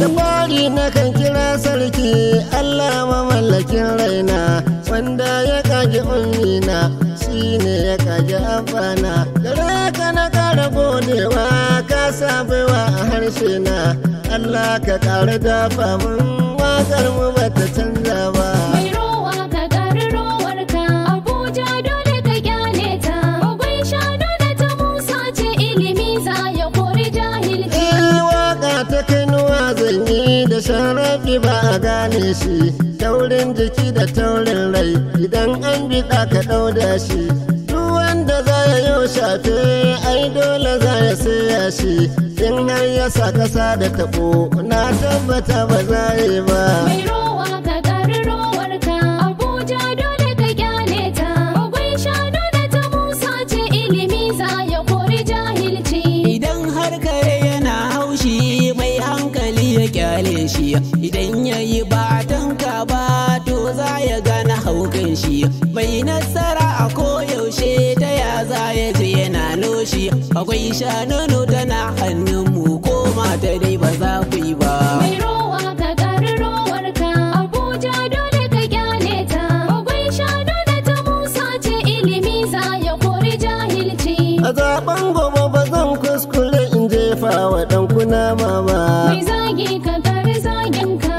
da na kan kira sarki Allah mamallakin raina wanda ya kage ummina shi ne ya kage amfana gare ka na kara godewa ka sabewa a harshe na Allah ka kara dafa mun wakar mu bata canza ba ba a gane shi taurin jiki da taurin rai idan an bi ka ɗau da shi duk wanda za ya yi shafe ai dole za ya saya shi in har ya sa ƙasa da taɓo na tabbata ba za yi ba. shi idan yayi yi tanka ba to za ya gana haukan shi mai nasara a koyaushe ta ya za ya je yana noshi akwai shanunu tana hannunmu, mu ko mata dai ba za ku yi ba. zaben gobe ba zan kuskure in jefa wa ɗan kunama ba. Mai zagi ka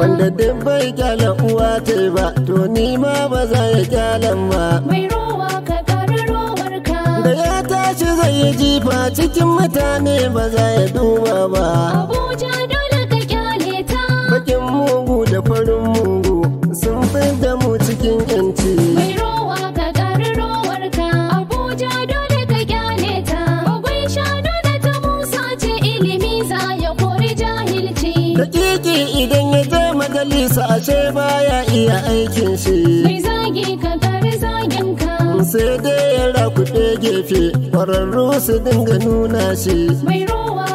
wanda duk bai kyala uwa ta ba to ni ma ba za ya kyalan ba mai rowa ka kararowar ka da ya tashi zai yi jifa cikin mutane ba za ya duba ba abuja dole ka kyale ta bakin mugu da farin mugu sun fi da mu cikin yanci mai rowa ka kararowar ka abuja dole ka kyale ta bagwai shanu da ta musa ce ilimi za ya kori jahilci dakiki idan ya majalisa ashe baya iya aikin shi ka sai dai ya rakuɗe gefe ƙwararru su dinga nuna shi mai ruwa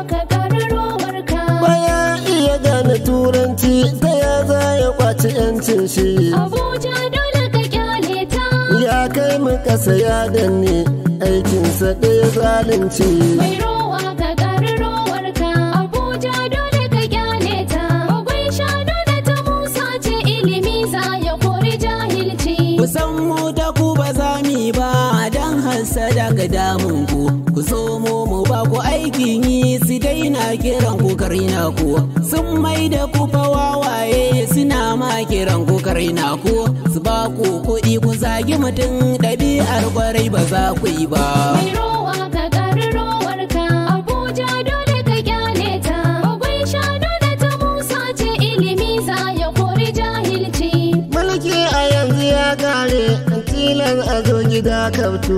baya iya gane turanci ta ya za ya kwaci yancin shi abuja dole ka kyale ta ya kai mu kasa ya danne aikinsa ɗaya zalunci da damun ku ku so mu mu ba ku aikin yi su daina kiran ku na ku sun mai da ku wawaye suna ma kiran ku na ku su ba ku kuɗi ku zagi mutum ɗabi'ar kwarai ba za ku yi ba. tilan a zo gida kautu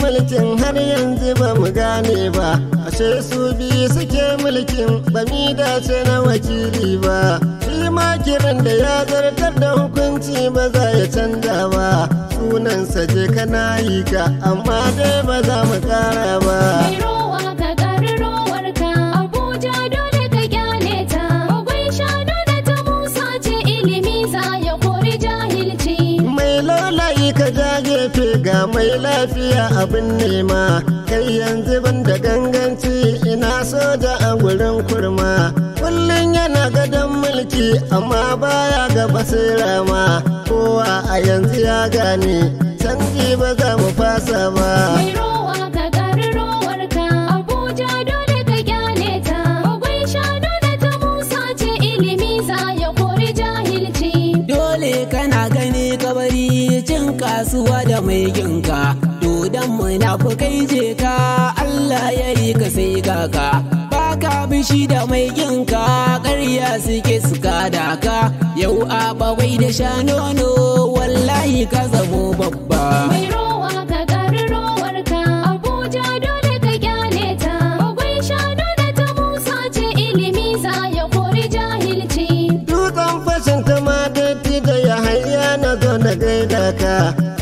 mulkin har yanzu ba mu gane ba ashe su biyu suke mulkin ba mi dace na wakili ba shi kiran da ya zartar da hukunci ba za ya canza ba sunansa je kana yi ka amma dai ba za mu kara ba gefe ga mai lafiya abin nema kai yanzu ban da ganganci ina soja a gurin kurma kullum yana gadon mulki amma baya ga sai rama kowa a yanzu ya gane canji ba za mu fasa ba kasuwa da mai ginka dodon munafukai je ka Allah ya yi ka sai ka baka bishi da mai ginka ƙarya suke suka daka yau a bawai da sha nono wallahi ka zamo babba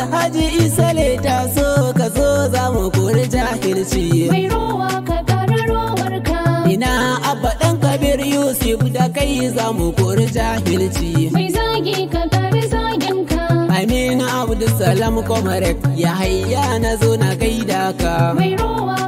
alhaji isa le so ka zo za mu kori jahilci mai rowa ka gara rowar ka ina abba dan kabir yusuf da kai za mu kori jahilci mai zagi ka gari zagin ka amina abdulsalam komarek ya hayya na zo na gaida ka mai rowa